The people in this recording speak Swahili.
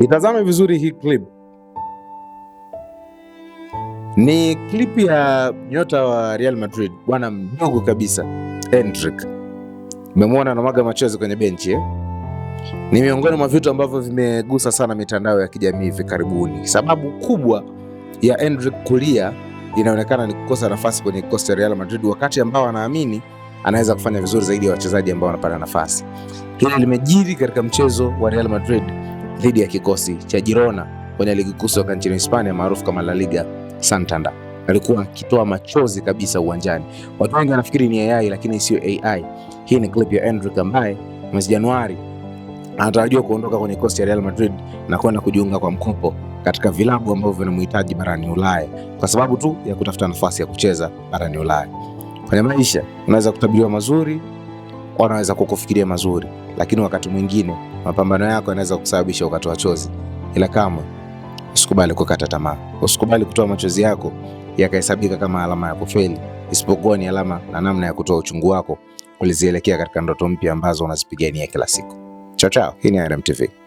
Itazame vizuri hii clip. Ni clip ya nyota wa Real Madrid bwana mdogo kabisa Endrick. na anamwaga machozi kwenye benchi eh? Ni miongoni mwa vitu ambavyo vimegusa sana mitandao ya kijamii hivi karibuni. Sababu kubwa ya Endrick kulia inaonekana ni kukosa nafasi kwenye kikosi cha Real Madrid, wakati ambao anaamini anaweza kufanya vizuri zaidi ya wachezaji ambao wanapata nafasi. Hili limejiri katika mchezo wa Real Madrid dhidi ya kikosi cha Girona kwenye ligi kuu soka nchini Hispania maarufu kama La Liga Santander. Alikuwa akitoa machozi kabisa uwanjani. Watu wengi wanafikiri ni AI lakini sio AI. Hii ni clip ya Endrick ambaye mwezi Januari anatarajiwa kuondoka kwenye kikosi cha Real Madrid na kwenda kujiunga kwa mkopo katika vilabu ambavyo vinamhitaji barani Ulaya kwa sababu tu ya kutafuta nafasi ya kucheza barani Ulaya. Kwenye maisha unaweza kutabiriwa mazuri wanaweza kukufikiria mazuri, lakini wakati mwingine mapambano yako yanaweza kusababisha ukatoa chozi. Ila kamwe usikubali kukata tamaa, usikubali kutoa machozi yako yakahesabika kama alama ya kufeli, isipokuwa ni alama na namna ya kutoa uchungu wako ulizielekea katika ndoto mpya ambazo unazipigania kila siku. Chao chao, hii ni IREM TV.